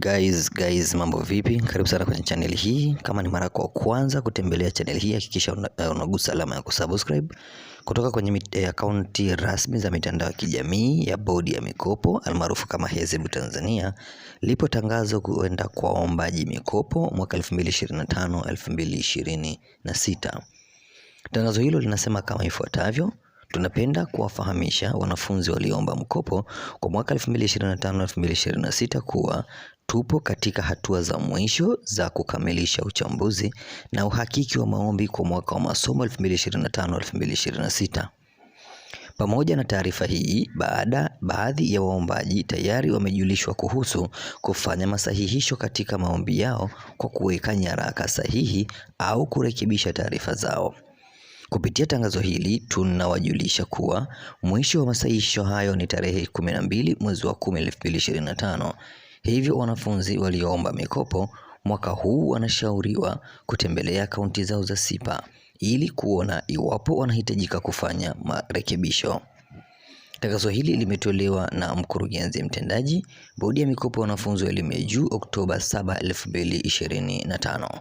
Guys, guys mambo vipi? Karibu sana kwenye channel hii. Kama ni mara kwa kwanza kutembelea channel hii, hakikisha eh, unagusa alama ya kusubscribe kutoka kwenye eh, akaunti rasmi za mitandao ya kijamii ya Bodi ya Mikopo almaarufu kama HESLB Tanzania. Lipo tangazo kuenda kwa waombaji mikopo mwaka 2025 2026. Tangazo hilo linasema kama ifuatavyo: Tunapenda kuwafahamisha wanafunzi walioomba mkopo kwa mwaka 2025-2026 kuwa Tupo katika hatua za mwisho za kukamilisha uchambuzi na uhakiki wa maombi kwa mwaka wa masomo 2025-2026. Pamoja na taarifa hii, baada baadhi ya waombaji tayari wamejulishwa kuhusu kufanya masahihisho katika maombi yao kwa kuweka nyaraka sahihi au kurekebisha taarifa zao. Kupitia tangazo hili tunawajulisha kuwa mwisho wa masahihisho hayo ni tarehe 12 mwezi wa 10 2025. Hivyo wanafunzi walioomba mikopo mwaka huu wanashauriwa kutembelea akaunti zao za sipa ili kuona iwapo wanahitajika kufanya marekebisho. Tangazo hili limetolewa na mkurugenzi mtendaji bodi ya mikopo ya wanafunzi wa elimu ya juu Oktoba 7, 2025.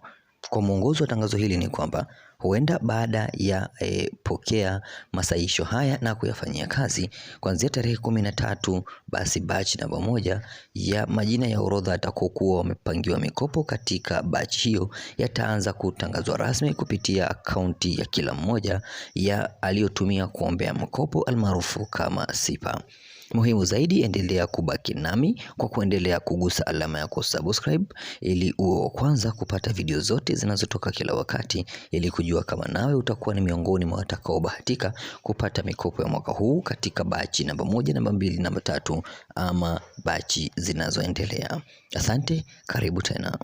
Kwa mwongozo wa tangazo hili ni kwamba Huenda baada ya e, pokea masaisho haya na kuyafanyia kazi kuanzia tarehe kumi na tatu, basi batch namba moja ya majina ya orodha atakokuwa wamepangiwa mikopo katika batch hiyo yataanza kutangazwa rasmi kupitia akaunti ya kila mmoja ya aliyotumia kuombea mkopo almaarufu kama SIPA. Muhimu zaidi, endelea kubaki nami kwa kuendelea kugusa alama ya kusubscribe ili uwe wa kwanza kupata video zote zinazotoka kila wakati ili kujua kama nawe utakuwa ni miongoni mwa watakaobahatika kupata mikopo ya mwaka huu katika bachi namba moja, namba mbili, namba tatu ama bachi zinazoendelea. Asante, karibu tena.